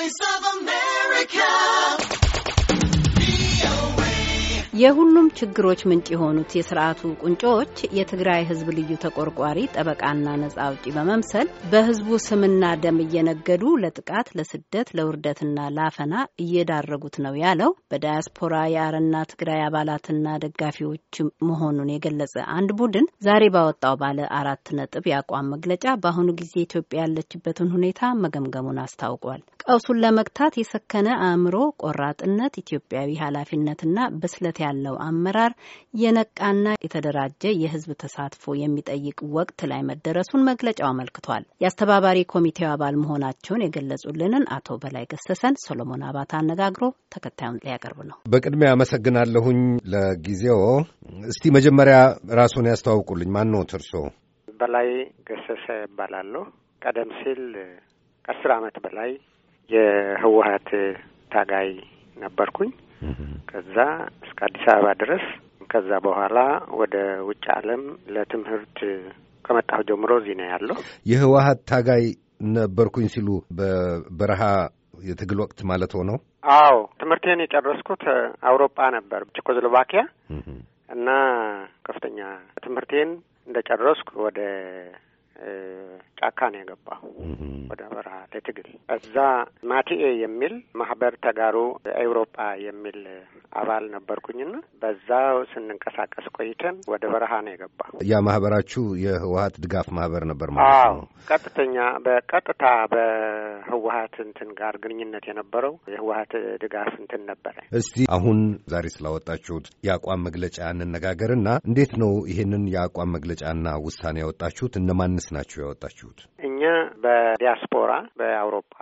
voice of የሁሉም ችግሮች ምንጭ የሆኑት የስርዓቱ ቁንጮዎች የትግራይ ሕዝብ ልዩ ተቆርቋሪ ጠበቃና ነጻ አውጪ በመምሰል በህዝቡ ስምና ደም እየነገዱ ለጥቃት፣ ለስደት፣ ለውርደትና ላፈና እየዳረጉት ነው ያለው በዳያስፖራ የአረና ትግራይ አባላትና ደጋፊዎች መሆኑን የገለጸ አንድ ቡድን ዛሬ ባወጣው ባለ አራት ነጥብ የአቋም መግለጫ በአሁኑ ጊዜ ኢትዮጵያ ያለችበትን ሁኔታ መገምገሙን አስታውቋል። ቀውሱን ለመግታት የሰከነ አእምሮ፣ ቆራጥነት፣ ኢትዮጵያዊ ኃላፊነትና በስለት ያለው አመራር የነቃና የተደራጀ የህዝብ ተሳትፎ የሚጠይቅ ወቅት ላይ መደረሱን መግለጫው አመልክቷል። የአስተባባሪ ኮሚቴው አባል መሆናቸውን የገለጹልንን አቶ በላይ ገሰሰን ሶሎሞን አባተ አነጋግሮ ተከታዩን ሊያቀርብ ነው። በቅድሚያ አመሰግናለሁኝ ለጊዜው። እስቲ መጀመሪያ ራሱን ያስተዋውቁልኝ። ማን ነው እርስዎ? በላይ ገሰሰ እባላለሁ ቀደም ሲል ከአስር አመት በላይ የህወሀት ታጋይ ነበርኩኝ። ከዛ እስከ አዲስ አበባ ድረስ ከዛ በኋላ ወደ ውጭ ዓለም ለትምህርት ከመጣሁ ጀምሮ እዚህ ነው ያለው። የህወሀት ታጋይ ነበርኩኝ ሲሉ በበረሃ የትግል ወቅት ማለት ሆነው? አዎ ትምህርቴን የጨረስኩት አውሮፓ ነበር ቼኮስሎቫኪያ እና ከፍተኛ ትምህርቴን እንደጨረስኩ ወደ ጫካ ነው የገባው ወደ በረሃ ለትግል። እዛ ማቲኤ የሚል ማህበር ተጋሩ ኤውሮጳ የሚል አባል ነበርኩኝና በዛው ስንንቀሳቀስ ቆይተን ወደ በረሃ ነው የገባው። ያ ማህበራችሁ የህወሀት ድጋፍ ማህበር ነበር ማለት ነው? ቀጥተኛ በቀጥታ በህወሀት እንትን ጋር ግንኙነት የነበረው የህወሀት ድጋፍ እንትን ነበረ። እስቲ አሁን ዛሬ ስላወጣችሁት የአቋም መግለጫ እንነጋገርና እንዴት ነው ይሄንን የአቋም መግለጫና ውሳኔ ያወጣችሁት? እነማንስ ናችሁ ያወጣችሁት? እኛ በዲያስፖራ በአውሮፓ፣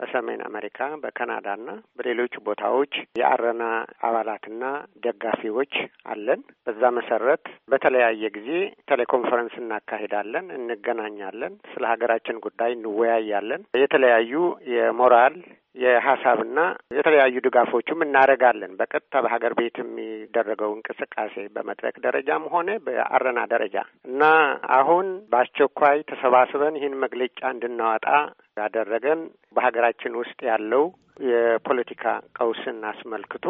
በሰሜን አሜሪካ፣ በካናዳ እና በሌሎች ቦታዎች የአረና አባላትና ደጋፊዎች አለን። በዛ መሰረት በተለያየ ጊዜ ቴሌኮንፈረንስ እናካሂዳለን፣ እንገናኛለን፣ ስለ ሀገራችን ጉዳይ እንወያያለን። የተለያዩ የሞራል የሀሳብና የተለያዩ ድጋፎችም እናደርጋለን። በቀጥታ በሀገር ቤት የሚደረገው እንቅስቃሴ በመድረክ ደረጃም ሆነ በአረና ደረጃ እና አሁን በአስቸኳይ ተሰባስበን ይህን መግለጫ እንድናወጣ ያደረገን በሀገራችን ውስጥ ያለው የፖለቲካ ቀውስን አስመልክቶ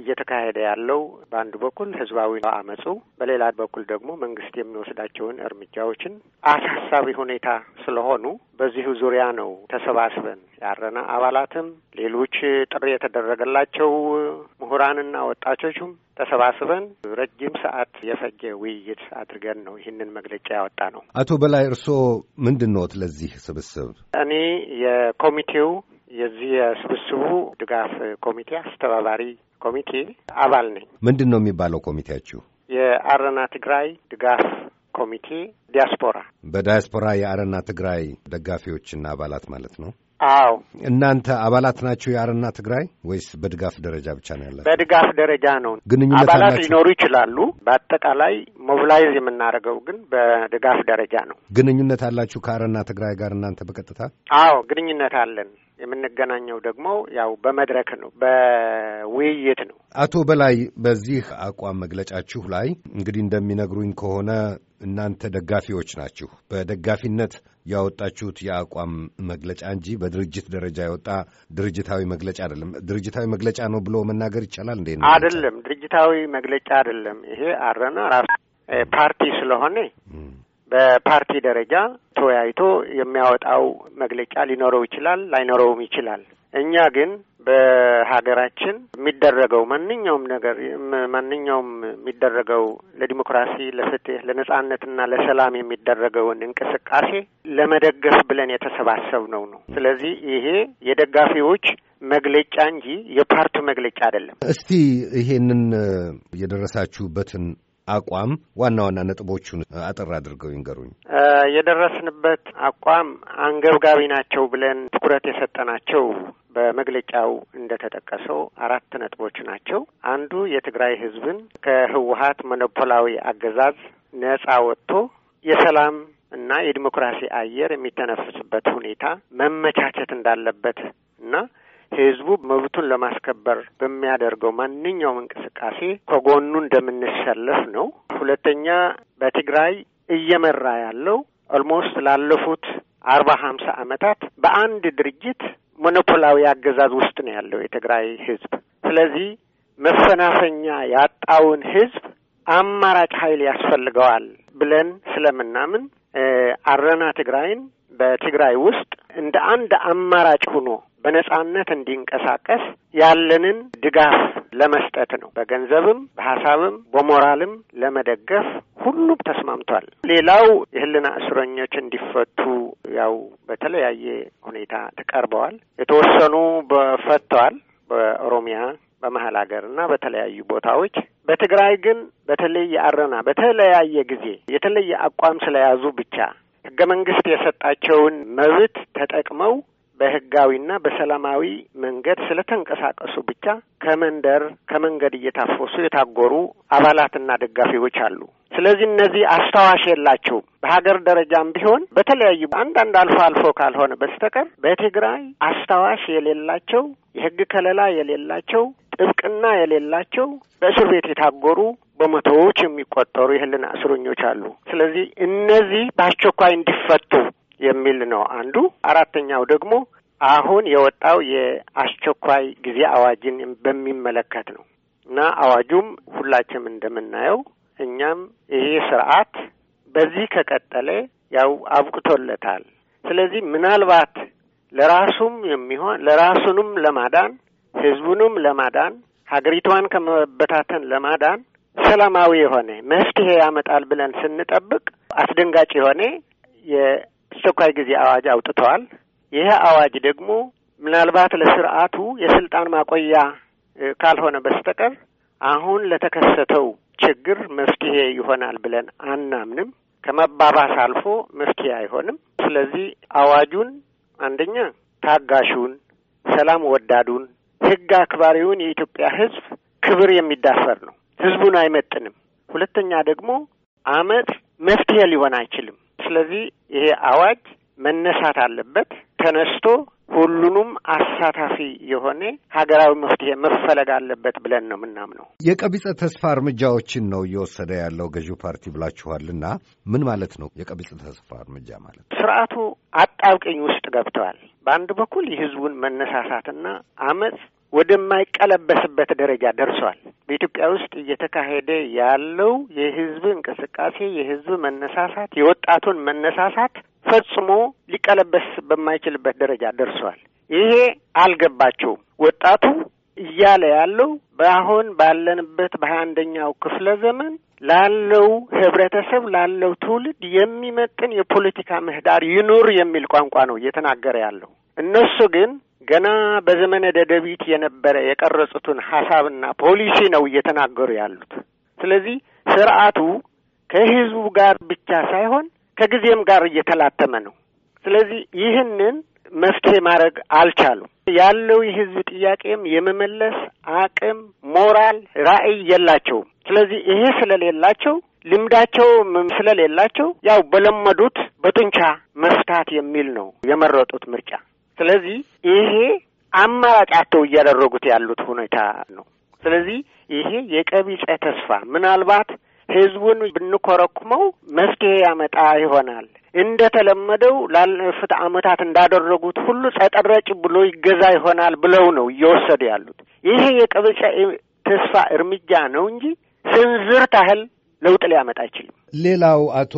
እየተካሄደ ያለው በአንድ በኩል ህዝባዊ አመፁ፣ በሌላ በኩል ደግሞ መንግስት የሚወስዳቸውን እርምጃዎችን አሳሳቢ ሁኔታ ስለሆኑ በዚሁ ዙሪያ ነው ተሰባስበን ያረና አባላትም ሌሎች ጥሪ የተደረገላቸው ምሁራንና ወጣቶችም ተሰባስበን ረጅም ሰዓት የፈጀ ውይይት አድርገን ነው ይህንን መግለጫ ያወጣ ነው። አቶ በላይ እርስዎ ምንድን ኖት ለዚህ ስብስብ? እኔ የኮሚቴው የዚህ የስብስቡ ድጋፍ ኮሚቴ አስተባባሪ ኮሚቴ አባል ነኝ። ምንድን ነው የሚባለው ኮሚቴያችሁ? የአረና ትግራይ ድጋፍ ኮሚቴ ዲያስፖራ። በዲያስፖራ የአረና ትግራይ ደጋፊዎችና አባላት ማለት ነው? አዎ። እናንተ አባላት ናችሁ የአረና ትግራይ ወይስ በድጋፍ ደረጃ ብቻ ነው ያለ? በድጋፍ ደረጃ ነው። ግንኙነት አባላት ሊኖሩ ይችላሉ። በአጠቃላይ ሞቢላይዝ የምናደርገው ግን በድጋፍ ደረጃ ነው። ግንኙነት አላችሁ ከአረና ትግራይ ጋር እናንተ በቀጥታ? አዎ፣ ግንኙነት አለን። የምንገናኘው ደግሞ ያው በመድረክ ነው፣ በውይይት ነው። አቶ በላይ በዚህ አቋም መግለጫችሁ ላይ እንግዲህ እንደሚነግሩኝ ከሆነ እናንተ ደጋፊዎች ናችሁ። በደጋፊነት ያወጣችሁት የአቋም መግለጫ እንጂ በድርጅት ደረጃ የወጣ ድርጅታዊ መግለጫ አይደለም። ድርጅታዊ መግለጫ ነው ብሎ መናገር ይቻላል እንዴ? አይደለም፣ ድርጅታዊ መግለጫ አይደለም። ይሄ አረና ራሱ ፓርቲ ስለሆነ በፓርቲ ደረጃ ተወያይቶ የሚያወጣው መግለጫ ሊኖረው ይችላል፣ ላይኖረውም ይችላል። እኛ ግን በሀገራችን የሚደረገው ማንኛውም ነገር ማንኛውም የሚደረገው ለዲሞክራሲ፣ ለፍትህ፣ ለነጻነትና ለሰላም የሚደረገውን እንቅስቃሴ ለመደገፍ ብለን የተሰባሰብ። ነው። ስለዚህ ይሄ የደጋፊዎች መግለጫ እንጂ የፓርቲው መግለጫ አይደለም። እስቲ ይሄንን የደረሳችሁበትን አቋም ዋና ዋና ነጥቦቹን አጠር አድርገው ይንገሩኝ። የደረስንበት አቋም አንገብጋቢ ናቸው ብለን ትኩረት የሰጠናቸው በመግለጫው እንደተጠቀሰው አራት ነጥቦች ናቸው። አንዱ የትግራይ ሕዝብን ከህወሀት መኖፖላዊ አገዛዝ ነጻ ወጥቶ የሰላም እና የዲሞክራሲ አየር የሚተነፍስበት ሁኔታ መመቻቸት እንዳለበት እና ህዝቡ መብቱን ለማስከበር በሚያደርገው ማንኛውም እንቅስቃሴ ከጎኑ እንደምንሰለፍ ነው። ሁለተኛ በትግራይ እየመራ ያለው ኦልሞስት ላለፉት አርባ ሀምሳ ዓመታት በአንድ ድርጅት ሞኖፖላዊ አገዛዝ ውስጥ ነው ያለው የትግራይ ህዝብ። ስለዚህ መፈናፈኛ ያጣውን ህዝብ አማራጭ ኃይል ያስፈልገዋል ብለን ስለምናምን አረና ትግራይን በትግራይ ውስጥ እንደ አንድ አማራጭ ሆኖ በነጻነት እንዲንቀሳቀስ ያለንን ድጋፍ ለመስጠት ነው። በገንዘብም፣ በሀሳብም፣ በሞራልም ለመደገፍ ሁሉም ተስማምቷል። ሌላው የህልና እስረኞች እንዲፈቱ ያው በተለያየ ሁኔታ ተቀርበዋል። የተወሰኑ በፈተዋል በኦሮሚያ በመሀል ሀገር እና በተለያዩ ቦታዎች። በትግራይ ግን በተለይ አረና በተለያየ ጊዜ የተለየ አቋም ስለያዙ ብቻ ህገ መንግስት የሰጣቸውን መብት ተጠቅመው በህጋዊና በሰላማዊ መንገድ ስለተንቀሳቀሱ ብቻ ከመንደር ከመንገድ እየታፈሱ የታጎሩ አባላትና ደጋፊዎች አሉ። ስለዚህ እነዚህ አስታዋሽ የላቸውም። በሀገር ደረጃም ቢሆን በተለያዩ አንዳንድ አልፎ አልፎ ካልሆነ በስተቀር በትግራይ አስታዋሽ የሌላቸው የህግ ከለላ የሌላቸው ጥብቅና የሌላቸው በእስር ቤት የታጎሩ በመቶዎች የሚቆጠሩ የህሊና እስረኞች አሉ። ስለዚህ እነዚህ በአስቸኳይ እንዲፈቱ የሚል ነው አንዱ። አራተኛው ደግሞ አሁን የወጣው የአስቸኳይ ጊዜ አዋጅን በሚመለከት ነው እና አዋጁም ሁላችንም እንደምናየው እኛም ይሄ ስርዓት በዚህ ከቀጠለ ያው አብቅቶለታል። ስለዚህ ምናልባት ለራሱም የሚሆን ለራሱንም ለማዳን ህዝቡንም ለማዳን ሀገሪቷን ከመበታተን ለማዳን ሰላማዊ የሆነ መፍትሄ ያመጣል ብለን ስንጠብቅ አስደንጋጭ የሆነ የአስቸኳይ ጊዜ አዋጅ አውጥተዋል። ይህ አዋጅ ደግሞ ምናልባት ለስርዓቱ የስልጣን ማቆያ ካልሆነ በስተቀር አሁን ለተከሰተው ችግር መፍትሄ ይሆናል ብለን አናምንም። ከመባባስ አልፎ መፍትሄ አይሆንም። ስለዚህ አዋጁን አንደኛ ታጋሹን፣ ሰላም ወዳዱን፣ ህግ አክባሪውን የኢትዮጵያ ህዝብ ክብር የሚዳፈር ነው። ህዝቡን አይመጥንም። ሁለተኛ ደግሞ አመፅ መፍትሄ ሊሆን አይችልም። ስለዚህ ይሄ አዋጅ መነሳት አለበት። ተነስቶ ሁሉንም አሳታፊ የሆነ ሀገራዊ መፍትሄ መፈለግ አለበት ብለን ነው የምናምነው። የቀቢጸ ተስፋ እርምጃዎችን ነው እየወሰደ ያለው ገዢው ፓርቲ ብላችኋልና ምን ማለት ነው የቀቢጸ ተስፋ እርምጃ ማለት? ስርዓቱ አጣብቅኝ ውስጥ ገብተዋል። በአንድ በኩል የህዝቡን መነሳሳትና አመፅ ወደማይቀለበስበት ደረጃ ደርሷል። በኢትዮጵያ ውስጥ እየተካሄደ ያለው የህዝብ እንቅስቃሴ፣ የህዝብ መነሳሳት፣ የወጣቱን መነሳሳት ፈጽሞ ሊቀለበስ በማይችልበት ደረጃ ደርሷል። ይሄ አልገባቸውም። ወጣቱ እያለ ያለው በአሁን ባለንበት በሀያ አንደኛው ክፍለ ዘመን ላለው ህብረተሰብ ላለው ትውልድ የሚመጥን የፖለቲካ ምህዳር ይኑር የሚል ቋንቋ ነው እየተናገረ ያለው። እነሱ ግን ገና በዘመነ ደደቢት የነበረ የቀረጹትን ሀሳብና ፖሊሲ ነው እየተናገሩ ያሉት። ስለዚህ ስርዓቱ ከህዝቡ ጋር ብቻ ሳይሆን ከጊዜም ጋር እየተላተመ ነው። ስለዚህ ይህንን መፍትሄ ማድረግ አልቻሉም። ያለው የህዝብ ጥያቄም የመመለስ አቅም፣ ሞራል፣ ራዕይ የላቸውም። ስለዚህ ይሄ ስለሌላቸው ልምዳቸው ስለሌላቸው ያው በለመዱት በጡንቻ መፍታት የሚል ነው የመረጡት ምርጫ። ስለዚህ ይሄ አማራጫቸው እያደረጉት ያሉት ሁኔታ ነው። ስለዚህ ይሄ የቀቢጸ ተስፋ ምናልባት ህዝቡን ብንኮረኩመው መፍትሄ ያመጣ ይሆናል። እንደተለመደው ላለፉት ዓመታት እንዳደረጉት ሁሉ ጸጠረጭ ብሎ ይገዛ ይሆናል ብለው ነው እየወሰዱ ያሉት። ይሄ የቀቢጸ ተስፋ እርምጃ ነው እንጂ ስንዝር ታህል ለውጥ ሊያመጣ አይችልም። ሌላው አቶ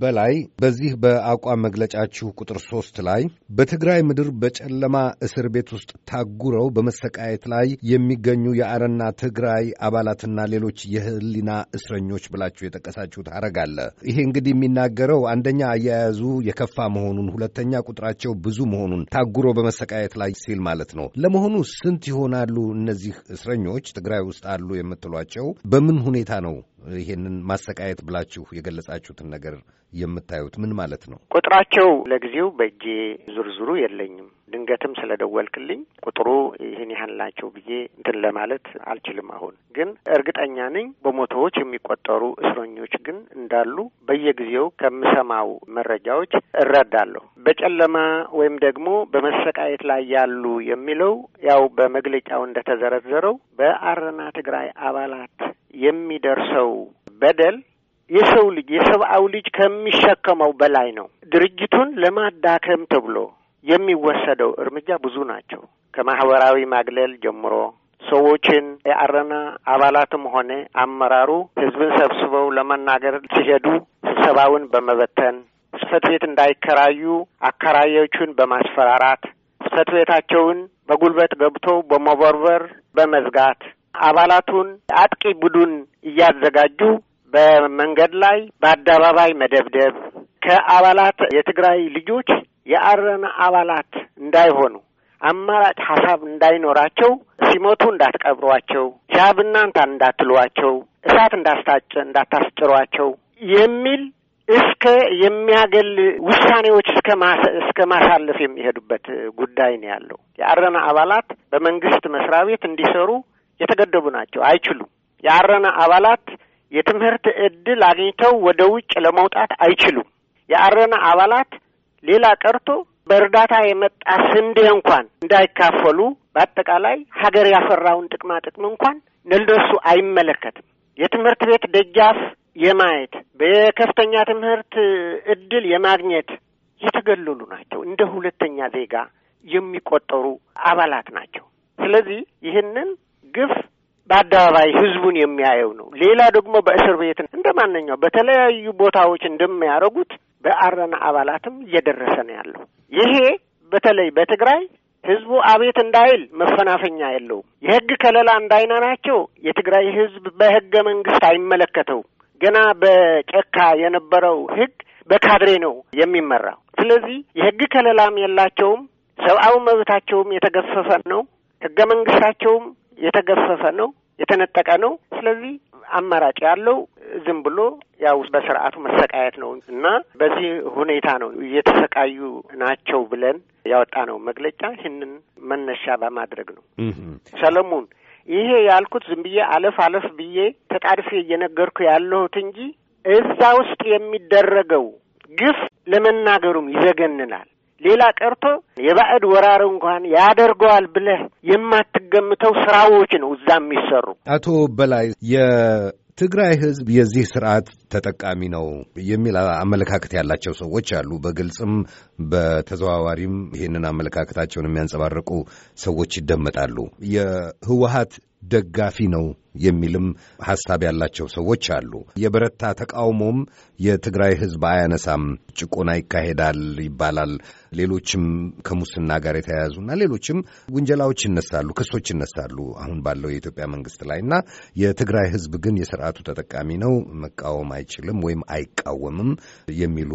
በላይ በዚህ በአቋም መግለጫችሁ ቁጥር ሶስት ላይ በትግራይ ምድር በጨለማ እስር ቤት ውስጥ ታጉረው በመሰቃየት ላይ የሚገኙ የአረና ትግራይ አባላትና ሌሎች የህሊና እስረኞች ብላችሁ የጠቀሳችሁት ሐረግ አለ። ይሄ እንግዲህ የሚናገረው አንደኛ አያያዙ የከፋ መሆኑን፣ ሁለተኛ ቁጥራቸው ብዙ መሆኑን ታጉረው በመሰቃየት ላይ ሲል ማለት ነው። ለመሆኑ ስንት ይሆናሉ እነዚህ እስረኞች ትግራይ ውስጥ አሉ የምትሏቸው? በምን ሁኔታ ነው ይሄንን ማሰቃየት ብላችሁ ሄዳችሁ የገለጻችሁትን ነገር የምታዩት ምን ማለት ነው? ቁጥራቸው ለጊዜው በእጄ ዝርዝሩ የለኝም። ድንገትም ስለደወልክልኝ ቁጥሩ ይህን ያህል ናቸው ብዬ እንትን ለማለት አልችልም። አሁን ግን እርግጠኛ ነኝ በመቶዎች የሚቆጠሩ እስረኞች ግን እንዳሉ በየጊዜው ከምሰማው መረጃዎች እረዳለሁ። በጨለማ ወይም ደግሞ በመሰቃየት ላይ ያሉ የሚለው ያው በመግለጫው እንደተዘረዘረው በአረና ትግራይ አባላት የሚደርሰው በደል የሰው ልጅ የሰብአዊ ልጅ ከሚሸከመው በላይ ነው። ድርጅቱን ለማዳከም ተብሎ የሚወሰደው እርምጃ ብዙ ናቸው። ከማህበራዊ ማግለል ጀምሮ ሰዎችን የአረና አባላትም ሆነ አመራሩ ህዝብን ሰብስበው ለመናገር ሲሄዱ ስብሰባውን በመበተን ጽህፈት ቤት እንዳይከራዩ አከራዮቹን በማስፈራራት ጽህፈት ቤታቸውን በጉልበት ገብተው በመቦርበር በመዝጋት አባላቱን አጥቂ ቡድን እያዘጋጁ በመንገድ ላይ በአደባባይ መደብደብ ከአባላት የትግራይ ልጆች የአረነ አባላት እንዳይሆኑ አማራጭ ሀሳብ እንዳይኖራቸው ሲሞቱ እንዳትቀብሯቸው፣ ሻብ እንዳትሏቸው፣ እሳት እንዳስታጭ እንዳታስጭሯቸው የሚል እስከ የሚያገል ውሳኔዎች እስከ ማሳለፍ የሚሄዱበት ጉዳይ ነው ያለው። የአረና አባላት በመንግስት መስሪያ ቤት እንዲሰሩ የተገደቡ ናቸው። አይችሉም። የአረና አባላት የትምህርት እድል አግኝተው ወደ ውጭ ለመውጣት አይችሉም። የአረና አባላት ሌላ ቀርቶ በእርዳታ የመጣ ስንዴ እንኳን እንዳይካፈሉ በአጠቃላይ ሀገር ያፈራውን ጥቅማ ጥቅም እንኳን ለእነሱ አይመለከትም። የትምህርት ቤት ደጃፍ የማየት በከፍተኛ ትምህርት እድል የማግኘት የተገለሉ ናቸው። እንደ ሁለተኛ ዜጋ የሚቆጠሩ አባላት ናቸው። ስለዚህ ይህንን ግፍ በአደባባይ ህዝቡን የሚያየው ነው። ሌላ ደግሞ በእስር ቤት እንደ ማንኛው በተለያዩ ቦታዎች እንደሚያደርጉት በአረና አባላትም እየደረሰ ነው ያለው። ይሄ በተለይ በትግራይ ህዝቡ አቤት እንዳይል መፈናፈኛ የለውም። የህግ ከለላ እንዳይናናቸው የትግራይ ህዝብ በህገ መንግስት አይመለከተውም። ገና በጨካ የነበረው ህግ በካድሬ ነው የሚመራው። ስለዚህ የህግ ከለላም የላቸውም። ሰብአዊ መብታቸውም የተገፈፈ ነው። ህገ መንግስታቸውም የተገፈፈ ነው፣ የተነጠቀ ነው። ስለዚህ አማራጭ ያለው ዝም ብሎ ያው በስርዓቱ መሰቃየት ነው እና በዚህ ሁኔታ ነው እየተሰቃዩ ናቸው ብለን ያወጣ ነው መግለጫ ይህንን መነሻ በማድረግ ነው። ሰለሞን ይሄ ያልኩት ዝም ብዬ አለፍ አለፍ ብዬ ተጣድፌ እየነገርኩ ያለሁት እንጂ እዛ ውስጥ የሚደረገው ግፍ ለመናገሩም ይዘገንናል። ሌላ ቀርቶ የባዕድ ወራር እንኳን ያደርገዋል ብለህ የማትገምተው ስራዎች ነው እዛ የሚሰሩ። አቶ በላይ የትግራይ ህዝብ የዚህ ስርዓት ተጠቃሚ ነው የሚል አመለካከት ያላቸው ሰዎች አሉ። በግልጽም በተዘዋዋሪም ይህንን አመለካከታቸውን የሚያንጸባርቁ ሰዎች ይደመጣሉ። የህወሀት ደጋፊ ነው የሚልም ሐሳብ ያላቸው ሰዎች አሉ። የበረታ ተቃውሞም የትግራይ ሕዝብ አያነሳም፣ ጭቆና ይካሄዳል ይባላል። ሌሎችም ከሙስና ጋር የተያያዙና ሌሎችም ውንጀላዎች ይነሳሉ፣ ክሶች ይነሳሉ አሁን ባለው የኢትዮጵያ መንግስት ላይ እና የትግራይ ሕዝብ ግን የስርዓቱ ተጠቃሚ ነው፣ መቃወም አይችልም ወይም አይቃወምም የሚሉ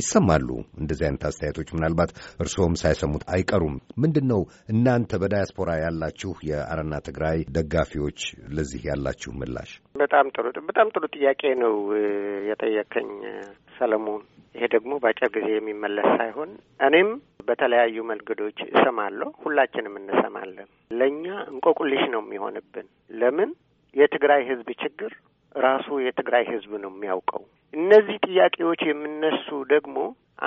ይሰማሉ። እንደዚህ አይነት አስተያየቶች ምናልባት እርስዎም ሳይሰሙት አይቀሩም። ምንድን ነው እናንተ በዳያስፖራ ያላችሁ የአረና ትግራይ ደጋፊዎች ለዚህ ለዚህ ያላችሁ ምላሽ? በጣም ጥሩ በጣም ጥሩ ጥያቄ ነው የጠየከኝ ሰለሞን። ይሄ ደግሞ በአጭር ጊዜ የሚመለስ ሳይሆን እኔም በተለያዩ መንገዶች እሰማለሁ፣ ሁላችንም እንሰማለን። ለእኛ እንቆቁልሽ ነው የሚሆንብን። ለምን የትግራይ ህዝብ ችግር ራሱ የትግራይ ህዝብ ነው የሚያውቀው። እነዚህ ጥያቄዎች የሚነሱ ደግሞ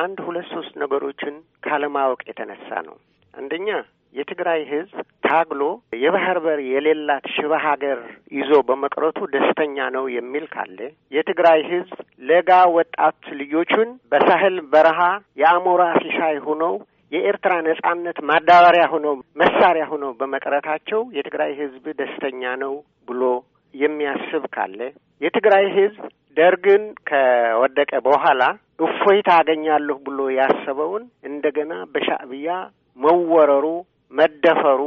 አንድ ሁለት ሶስት ነገሮችን ካለማወቅ የተነሳ ነው። አንደኛ የትግራይ ህዝብ ታግሎ የባህር በር የሌላት ሽባ ሀገር ይዞ በመቅረቱ ደስተኛ ነው የሚል ካለ የትግራይ ህዝብ ለጋ ወጣት ልጆቹን በሳህል በረሃ የአሞራ ሲሳይ ሆነው የኤርትራ ነጻነት ማዳበሪያ ሆነው መሳሪያ ሆነው በመቅረታቸው የትግራይ ህዝብ ደስተኛ ነው ብሎ የሚያስብ ካለ የትግራይ ህዝብ ደርግን ከወደቀ በኋላ እፎይታ አገኛለሁ ብሎ ያሰበውን እንደገና በሻዕብያ መወረሩ መደፈሩ፣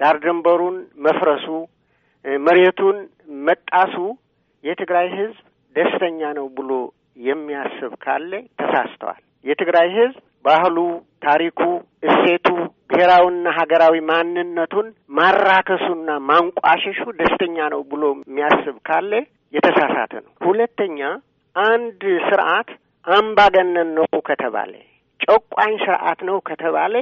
ዳር ድንበሩን መፍረሱ፣ መሬቱን መጣሱ የትግራይ ህዝብ ደስተኛ ነው ብሎ የሚያስብ ካለ ተሳስተዋል። የትግራይ ህዝብ ባህሉ፣ ታሪኩ፣ እሴቱ፣ ብሔራዊና ሀገራዊ ማንነቱን ማራከሱና ማንቋሸሹ ደስተኛ ነው ብሎ የሚያስብ ካለ የተሳሳተ ነው። ሁለተኛ አንድ ስርዓት አምባገነን ነው ከተባለ ጨቋኝ ስርዓት ነው ከተባለ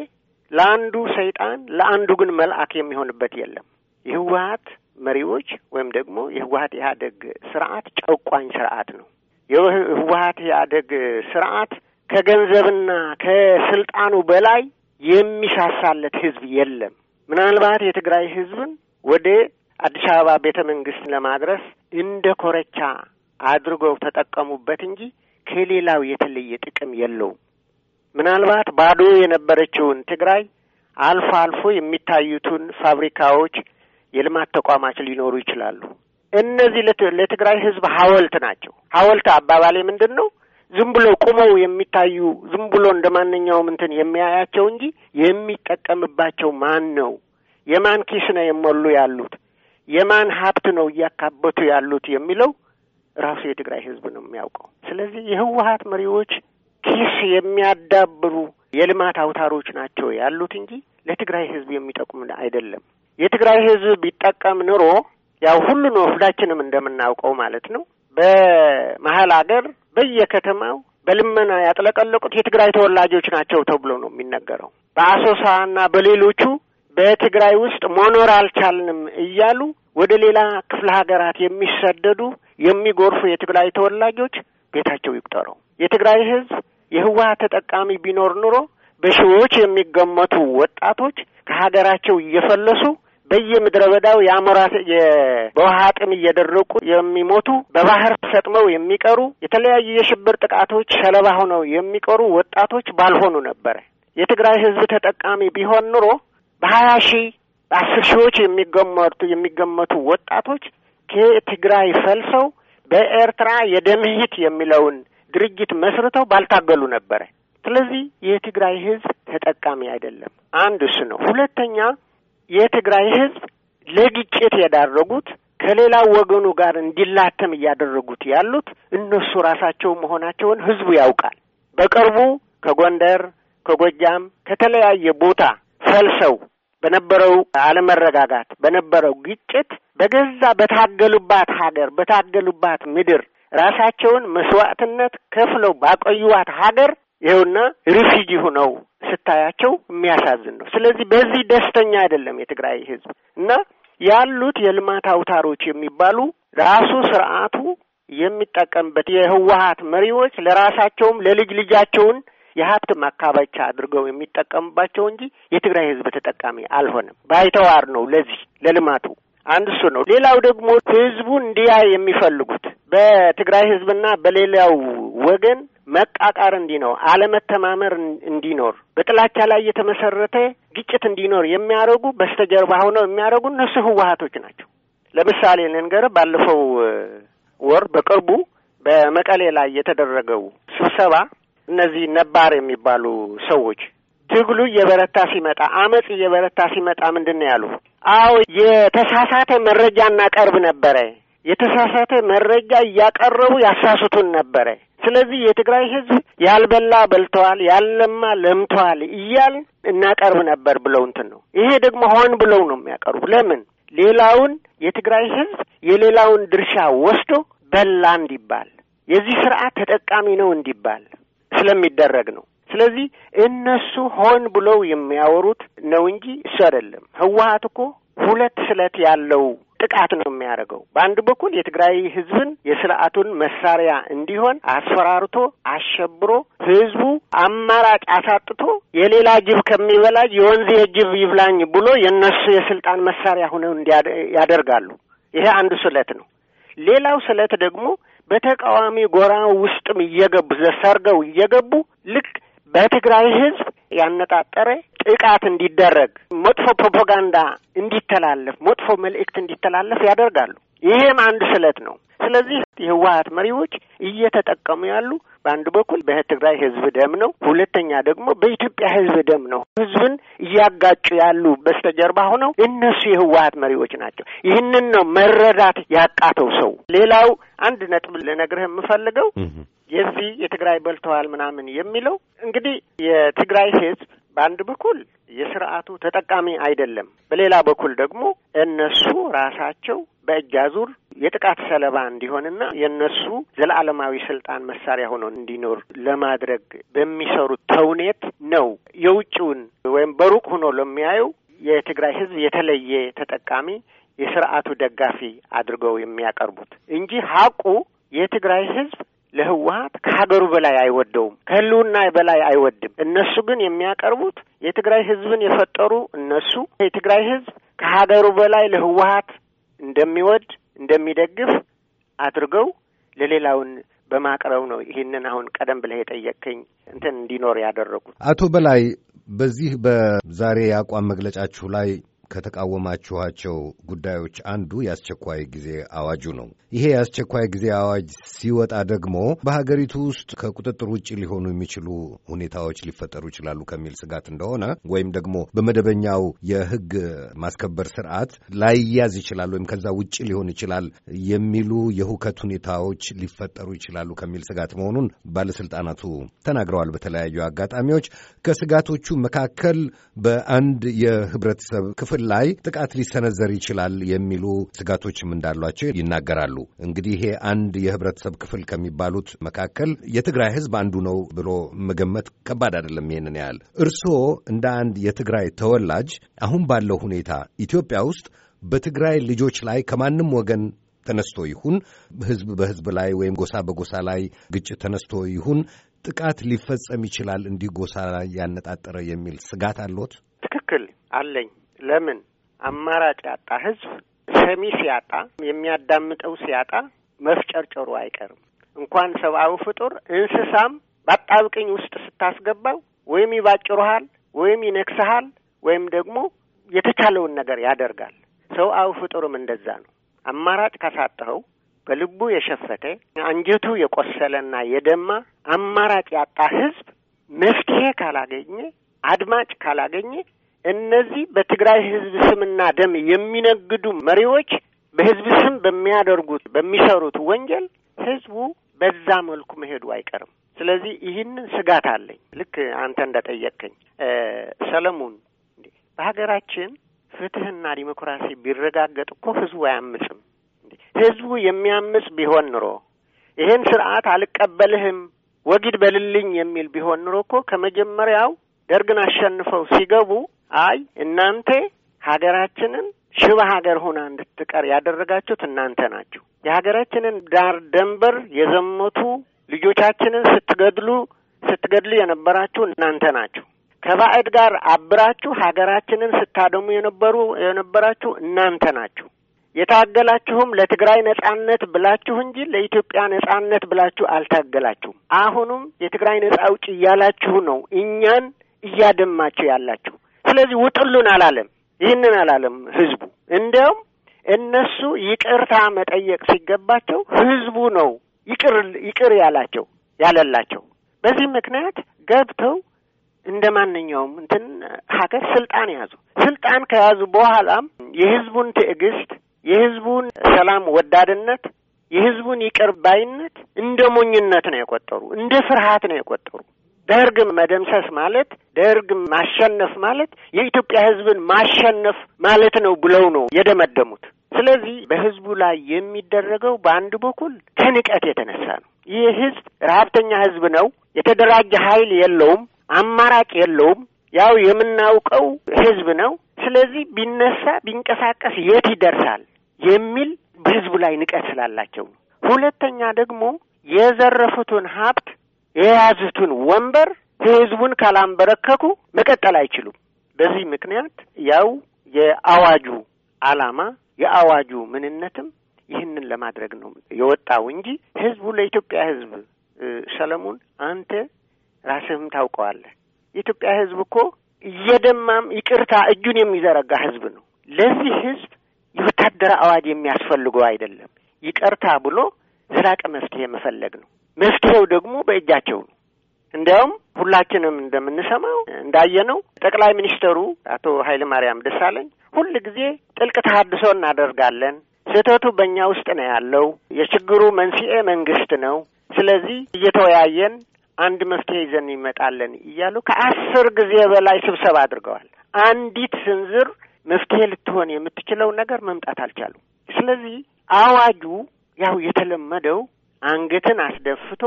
ለአንዱ ሰይጣን ለአንዱ ግን መልአክ የሚሆንበት የለም። የህወሀት መሪዎች ወይም ደግሞ የህወሀት ኢህአዴግ ስርዓት ጨቋኝ ስርዓት ነው። የህወሀት ኢህአዴግ ስርዓት ከገንዘብና ከስልጣኑ በላይ የሚሳሳለት ህዝብ የለም። ምናልባት የትግራይ ህዝብን ወደ አዲስ አበባ ቤተ መንግስት ለማድረስ እንደ ኮረቻ አድርገው ተጠቀሙበት እንጂ ከሌላው የተለየ ጥቅም የለውም። ምናልባት ባዶ የነበረችውን ትግራይ አልፎ አልፎ የሚታዩትን ፋብሪካዎች፣ የልማት ተቋማት ሊኖሩ ይችላሉ። እነዚህ ለትግራይ ህዝብ ሀውልት ናቸው። ሐውልት አባባሌ ምንድን ነው? ዝም ብሎ ቁመው የሚታዩ ዝም ብሎ እንደ ማንኛውም እንትን የሚያያቸው እንጂ የሚጠቀምባቸው ማን ነው? የማን ኪስ ነው የሞሉ ያሉት? የማን ሀብት ነው እያካበቱ ያሉት የሚለው ራሱ የትግራይ ህዝብ ነው የሚያውቀው። ስለዚህ የህወሀት መሪዎች ኪስ የሚያዳብሩ የልማት አውታሮች ናቸው ያሉት እንጂ ለትግራይ ህዝብ የሚጠቁም አይደለም። የትግራይ ህዝብ ቢጠቀም ኑሮ ያው ሁሉ ነው ሁላችንም እንደምናውቀው ማለት ነው። በመሀል አገር በየከተማው በልመና ያጥለቀለቁት የትግራይ ተወላጆች ናቸው ተብሎ ነው የሚነገረው። በአሶሳ እና በሌሎቹ በትግራይ ውስጥ መኖር አልቻልንም እያሉ ወደ ሌላ ክፍለ ሀገራት የሚሰደዱ የሚጎርፉ የትግራይ ተወላጆች ጌታቸው ይቁጠሩ። የትግራይ ህዝብ የህወሀት ተጠቃሚ ቢኖር ኑሮ በሺዎች የሚገመቱ ወጣቶች ከሀገራቸው እየፈለሱ በየምድረ በዳው የአሞራ በውሃ ጥም እየደረቁ የሚሞቱ በባህር ሰጥመው የሚቀሩ የተለያዩ የሽብር ጥቃቶች ሰለባ ሆነው የሚቀሩ ወጣቶች ባልሆኑ ነበረ። የትግራይ ህዝብ ተጠቃሚ ቢሆን ኑሮ በሀያ ሺህ በአስር ሺዎች የሚገመቱ የሚገመቱ ወጣቶች ከትግራይ ፈልሰው በኤርትራ የደምሂት የሚለውን ድርጅት መስርተው ባልታገሉ ነበረ። ስለዚህ የትግራይ ህዝብ ተጠቃሚ አይደለም። አንድ እሱ ነው። ሁለተኛ የትግራይ ህዝብ ለግጭት የዳረጉት ከሌላው ወገኑ ጋር እንዲላተም እያደረጉት ያሉት እነሱ ራሳቸው መሆናቸውን ህዝቡ ያውቃል። በቅርቡ ከጎንደር፣ ከጎጃም ከተለያየ ቦታ ፈልሰው በነበረው አለመረጋጋት፣ በነበረው ግጭት በገዛ በታገሉባት ሀገር በታገሉባት ምድር ራሳቸውን መስዋዕትነት ከፍለው ባቆዩዋት ሀገር ይኸውና ሪፊጂ ሁነው ስታያቸው የሚያሳዝን ነው። ስለዚህ በዚህ ደስተኛ አይደለም የትግራይ ህዝብ እና ያሉት የልማት አውታሮች የሚባሉ ራሱ ስርዓቱ የሚጠቀምበት የህወሀት መሪዎች ለራሳቸውም ለልጅ ልጃቸውን የሀብት ማካበቻ አድርገው የሚጠቀሙባቸው እንጂ የትግራይ ህዝብ ተጠቃሚ አልሆነም። ባይተዋር ነው ለዚህ ለልማቱ አንድ እሱ ነው። ሌላው ደግሞ ህዝቡ እንዲያ የሚፈልጉት በትግራይ ህዝብና በሌላው ወገን መቃቃር እንዲኖር፣ አለመተማመር እንዲኖር፣ በጥላቻ ላይ የተመሰረተ ግጭት እንዲኖር የሚያደርጉ በስተጀርባ ሆነው የሚያደርጉ እነሱ ህወሀቶች ናቸው። ለምሳሌ ልንገርህ፣ ባለፈው ወር በቅርቡ በመቀሌ ላይ የተደረገው ስብሰባ እነዚህ ነባር የሚባሉ ሰዎች ትግሉ እየበረታ ሲመጣ፣ አመፅ እየበረታ ሲመጣ ምንድን ነው ያሉ? አዎ የተሳሳተ መረጃ እናቀርብ ነበረ። የተሳሳተ መረጃ እያቀረቡ ያሳስቱን ነበረ። ስለዚህ የትግራይ ሕዝብ ያልበላ በልተዋል፣ ያልለማ ለምተዋል እያል እናቀርብ ነበር ብለው እንትን ነው። ይሄ ደግሞ ሆን ብለው ነው የሚያቀርቡ። ለምን ሌላውን የትግራይ ሕዝብ የሌላውን ድርሻ ወስዶ በላ እንዲባል፣ የዚህ ስርዓት ተጠቃሚ ነው እንዲባል ስለሚደረግ ነው። ስለዚህ እነሱ ሆን ብለው የሚያወሩት ነው እንጂ እሱ አይደለም። ህወሀት እኮ ሁለት ስለት ያለው ጥቃት ነው የሚያደርገው። በአንድ በኩል የትግራይ ህዝብን የስርዓቱን መሳሪያ እንዲሆን አስፈራርቶ አሸብሮ ህዝቡ አማራጭ አሳጥቶ የሌላ ጅብ ከሚበላ የወንዝ የጅብ ይብላኝ ብሎ የእነሱ የስልጣን መሳሪያ ሆነው ያደርጋሉ። ይሄ አንዱ ስለት ነው። ሌላው ስለት ደግሞ በተቃዋሚ ጎራ ውስጥም እየገቡ ዘሰርገው እየገቡ ልክ በትግራይ ህዝብ ያነጣጠረ ጥቃት እንዲደረግ መጥፎ ፕሮፓጋንዳ እንዲተላለፍ መጥፎ መልእክት እንዲተላለፍ ያደርጋሉ። ይሄም አንድ ስለት ነው። ስለዚህ የህወሀት መሪዎች እየተጠቀሙ ያሉ በአንድ በኩል በትግራይ ህዝብ ደም ነው፣ ሁለተኛ ደግሞ በኢትዮጵያ ህዝብ ደም ነው። ህዝብን እያጋጩ ያሉ በስተጀርባ ሆነው እነሱ የህወሀት መሪዎች ናቸው። ይህንን ነው መረዳት ያቃተው ሰው። ሌላው አንድ ነጥብ ልነግርህ የምፈልገው የዚህ የትግራይ በልተዋል ምናምን የሚለው እንግዲህ የትግራይ ህዝብ በአንድ በኩል የስርዓቱ ተጠቃሚ አይደለም። በሌላ በኩል ደግሞ እነሱ ራሳቸው በእጅ አዙር የጥቃት ሰለባ እንዲሆንና የእነሱ ዘላለማዊ ስልጣን መሳሪያ ሆኖ እንዲኖር ለማድረግ በሚሰሩት ተውኔት ነው የውጭውን ወይም በሩቅ ሆኖ ለሚያየው የትግራይ ህዝብ የተለየ ተጠቃሚ የስርዓቱ ደጋፊ አድርገው የሚያቀርቡት እንጂ ሀቁ የትግራይ ህዝብ። ለህወሀት ከሀገሩ በላይ አይወደውም፣ ከህልውና በላይ አይወድም። እነሱ ግን የሚያቀርቡት የትግራይ ህዝብን የፈጠሩ እነሱ የትግራይ ህዝብ ከሀገሩ በላይ ለህወሀት እንደሚወድ እንደሚደግፍ አድርገው ለሌላውን በማቅረብ ነው። ይህንን አሁን ቀደም ብለህ የጠየቅከኝ እንትን እንዲኖር ያደረጉት አቶ በላይ በዚህ በዛሬ የአቋም መግለጫችሁ ላይ ከተቃወማችኋቸው ጉዳዮች አንዱ የአስቸኳይ ጊዜ አዋጁ ነው። ይሄ የአስቸኳይ ጊዜ አዋጅ ሲወጣ ደግሞ በሀገሪቱ ውስጥ ከቁጥጥር ውጭ ሊሆኑ የሚችሉ ሁኔታዎች ሊፈጠሩ ይችላሉ ከሚል ስጋት እንደሆነ ወይም ደግሞ በመደበኛው የሕግ ማስከበር ስርዓት ላይያዝ ይችላል ወይም ከዛ ውጭ ሊሆን ይችላል የሚሉ የሁከት ሁኔታዎች ሊፈጠሩ ይችላሉ ከሚል ስጋት መሆኑን ባለስልጣናቱ ተናግረዋል። በተለያዩ አጋጣሚዎች ከስጋቶቹ መካከል በአንድ የህብረተሰብ ክፍል ክፍል ላይ ጥቃት ሊሰነዘር ይችላል የሚሉ ስጋቶችም እንዳሏቸው ይናገራሉ። እንግዲህ ይሄ አንድ የህብረተሰብ ክፍል ከሚባሉት መካከል የትግራይ ህዝብ አንዱ ነው ብሎ መገመት ከባድ አይደለም። ይህንን ያህል እርስዎ እንደ አንድ የትግራይ ተወላጅ አሁን ባለው ሁኔታ ኢትዮጵያ ውስጥ በትግራይ ልጆች ላይ ከማንም ወገን ተነስቶ ይሁን ህዝብ በህዝብ ላይ ወይም ጎሳ በጎሳ ላይ ግጭት ተነስቶ ይሁን ጥቃት ሊፈጸም ይችላል እንዲህ ጎሳ ላይ ያነጣጠረ የሚል ስጋት አለዎት? ትክክል አለኝ። ለምን አማራጭ ያጣ ህዝብ ሰሚ ሲያጣ የሚያዳምጠው ሲያጣ መፍጨርጨሩ አይቀርም። እንኳን ሰብአዊ ፍጡር እንስሳም በአጣብቅኝ ውስጥ ስታስገባው ወይም ይባጭሩሃል፣ ወይም ይነክስሃል፣ ወይም ደግሞ የተቻለውን ነገር ያደርጋል። ሰብአዊ ፍጡርም እንደዛ ነው። አማራጭ ካሳጠኸው በልቡ የሸፈተ አንጀቱ የቆሰለና የደማ አማራጭ ያጣ ህዝብ መፍትሄ ካላገኘ አድማጭ ካላገኘ እነዚህ በትግራይ ህዝብ ስምና ደም የሚነግዱ መሪዎች በህዝብ ስም በሚያደርጉት በሚሰሩት ወንጀል ህዝቡ በዛ መልኩ መሄዱ አይቀርም። ስለዚህ ይህንን ስጋት አለኝ። ልክ አንተ እንደጠየቅከኝ ሰለሞን፣ በሀገራችን ፍትህና ዲሞክራሲ ቢረጋገጥ እኮ ህዝቡ አያምፅም። ህዝቡ የሚያምፅ ቢሆን ኑሮ ይህን ስርዓት አልቀበልህም ወጊድ በልልኝ የሚል ቢሆን ኑሮ እኮ ከመጀመሪያው ደርግን አሸንፈው ሲገቡ አይ እናንተ ሀገራችንን ሽባ ሀገር ሆና እንድትቀር ያደረጋችሁት እናንተ ናችሁ። የሀገራችንን ዳር ደንበር የዘመቱ ልጆቻችንን ስትገድሉ ስትገድሉ የነበራችሁ እናንተ ናችሁ። ከባዕድ ጋር አብራችሁ ሀገራችንን ስታደሙ የነበሩ የነበራችሁ እናንተ ናችሁ። የታገላችሁም ለትግራይ ነጻነት ብላችሁ እንጂ ለኢትዮጵያ ነጻነት ብላችሁ አልታገላችሁም። አሁኑም የትግራይ ነጻ አውጪ እያላችሁ ነው እኛን እያደማችሁ ያላችሁ። ስለዚህ ውጥሉን አላለም፣ ይህንን አላለም ህዝቡ። እንዲያውም እነሱ ይቅርታ መጠየቅ ሲገባቸው ህዝቡ ነው ይቅር ይቅር ያላቸው ያለላቸው። በዚህ ምክንያት ገብተው እንደ ማንኛውም እንትን ሀገር ስልጣን ያዙ። ስልጣን ከያዙ በኋላም የህዝቡን ትዕግስት፣ የህዝቡን ሰላም ወዳድነት፣ የህዝቡን ይቅር ባይነት እንደ ሞኝነት ነው የቆጠሩ፣ እንደ ፍርሃት ነው የቆጠሩ። ደርግ መደምሰስ ማለት ደርግ ማሸነፍ ማለት የኢትዮጵያ ሕዝብን ማሸነፍ ማለት ነው ብለው ነው የደመደሙት። ስለዚህ በህዝቡ ላይ የሚደረገው በአንድ በኩል ከንቀት የተነሳ ነው። ይህ ህዝብ ረሀብተኛ ህዝብ ነው። የተደራጀ ኃይል የለውም፣ አማራጭ የለውም። ያው የምናውቀው ህዝብ ነው። ስለዚህ ቢነሳ ቢንቀሳቀስ የት ይደርሳል የሚል በህዝቡ ላይ ንቀት ስላላቸው ነው። ሁለተኛ ደግሞ የዘረፉትን ሀብት የያዙትን ወንበር ህዝቡን ካላንበረከኩ መቀጠል አይችሉም። በዚህ ምክንያት ያው የአዋጁ ዓላማ የአዋጁ ምንነትም ይህንን ለማድረግ ነው የወጣው እንጂ ህዝቡ ለኢትዮጵያ ህዝብ ሰለሞን፣ አንተ ራስህም ታውቀዋለህ። የኢትዮጵያ ህዝብ እኮ እየደማም ይቅርታ እጁን የሚዘረጋ ህዝብ ነው። ለዚህ ህዝብ የወታደር አዋጅ የሚያስፈልገው አይደለም። ይቅርታ ብሎ ዘላቀ መፍትሄ መፈለግ ነው። መፍትሄው ደግሞ በእጃቸው ነው። እንዲያውም ሁላችንም እንደምንሰማው እንዳየነው ጠቅላይ ሚኒስትሩ አቶ ኃይለ ማርያም ደሳለኝ ሁል ጊዜ ጥልቅ ተሀድሶ እናደርጋለን፣ ስህተቱ በእኛ ውስጥ ነው ያለው፣ የችግሩ መንስኤ መንግስት ነው፣ ስለዚህ እየተወያየን አንድ መፍትሄ ይዘን ይመጣለን እያሉ ከአስር ጊዜ በላይ ስብሰባ አድርገዋል። አንዲት ስንዝር መፍትሄ ልትሆን የምትችለው ነገር መምጣት አልቻሉም። ስለዚህ አዋጁ ያው የተለመደው አንገትን አስደፍቶ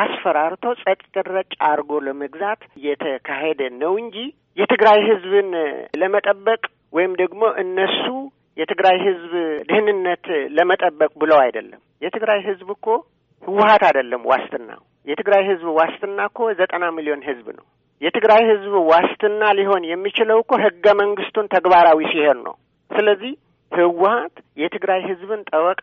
አስፈራርቶ ጸጥ ረጭ አድርጎ ለመግዛት የተካሄደ ነው እንጂ የትግራይ ህዝብን ለመጠበቅ ወይም ደግሞ እነሱ የትግራይ ህዝብ ደህንነት ለመጠበቅ ብለው አይደለም። የትግራይ ህዝብ እኮ ህወሀት አይደለም ዋስትናው። የትግራይ ህዝብ ዋስትና እኮ ዘጠና ሚሊዮን ህዝብ ነው። የትግራይ ህዝብ ዋስትና ሊሆን የሚችለው እኮ ህገ መንግስቱን ተግባራዊ ሲሄድ ነው። ስለዚህ ህወሀት የትግራይ ህዝብን ጠበቃ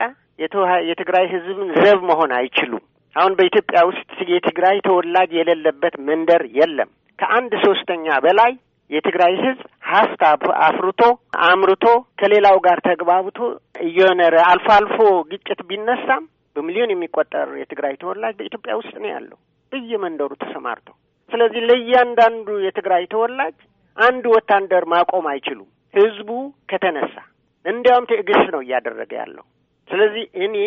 የትግራይ ህዝብን ዘብ መሆን አይችሉም። አሁን በኢትዮጵያ ውስጥ የትግራይ ተወላጅ የሌለበት መንደር የለም። ከአንድ ሶስተኛ በላይ የትግራይ ህዝብ ሀብት አፍርቶ አምርቶ ከሌላው ጋር ተግባብቶ እየኖረ አልፎ አልፎ ግጭት ቢነሳም በሚሊዮን የሚቆጠር የትግራይ ተወላጅ በኢትዮጵያ ውስጥ ነው ያለው በየመንደሩ ተሰማርቶ። ስለዚህ ለእያንዳንዱ የትግራይ ተወላጅ አንድ ወታደር ማቆም አይችሉም። ህዝቡ ከተነሳ እንዲያውም ትዕግስት ነው እያደረገ ያለው። ስለዚህ እኔ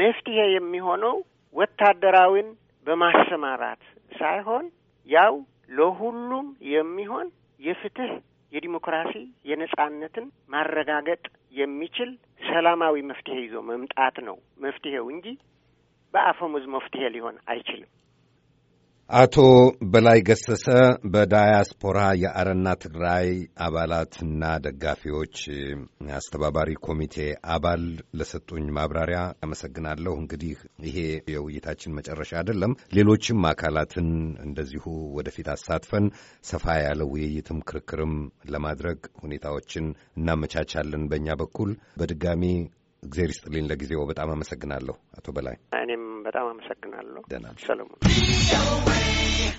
መፍትሄ የሚሆነው ወታደራዊን በማሰማራት ሳይሆን ያው ለሁሉም የሚሆን የፍትህ፣ የዲሞክራሲ፣ የነጻነትን ማረጋገጥ የሚችል ሰላማዊ መፍትሄ ይዞ መምጣት ነው መፍትሄው እንጂ በአፈሙዝ መፍትሄ ሊሆን አይችልም። አቶ በላይ ገሰሰ በዳያስፖራ የአረና ትግራይ አባላትና ደጋፊዎች አስተባባሪ ኮሚቴ አባል ለሰጡኝ ማብራሪያ አመሰግናለሁ። እንግዲህ ይሄ የውይይታችን መጨረሻ አይደለም። ሌሎችም አካላትን እንደዚሁ ወደፊት አሳትፈን ሰፋ ያለ ውይይትም ክርክርም ለማድረግ ሁኔታዎችን እናመቻቻለን። በእኛ በኩል በድጋሚ እግዜር ይስጥልኝ። ለጊዜው በጣም አመሰግናለሁ አቶ በላይ። እኔም በጣም አመሰግናለሁ ሰለሞን።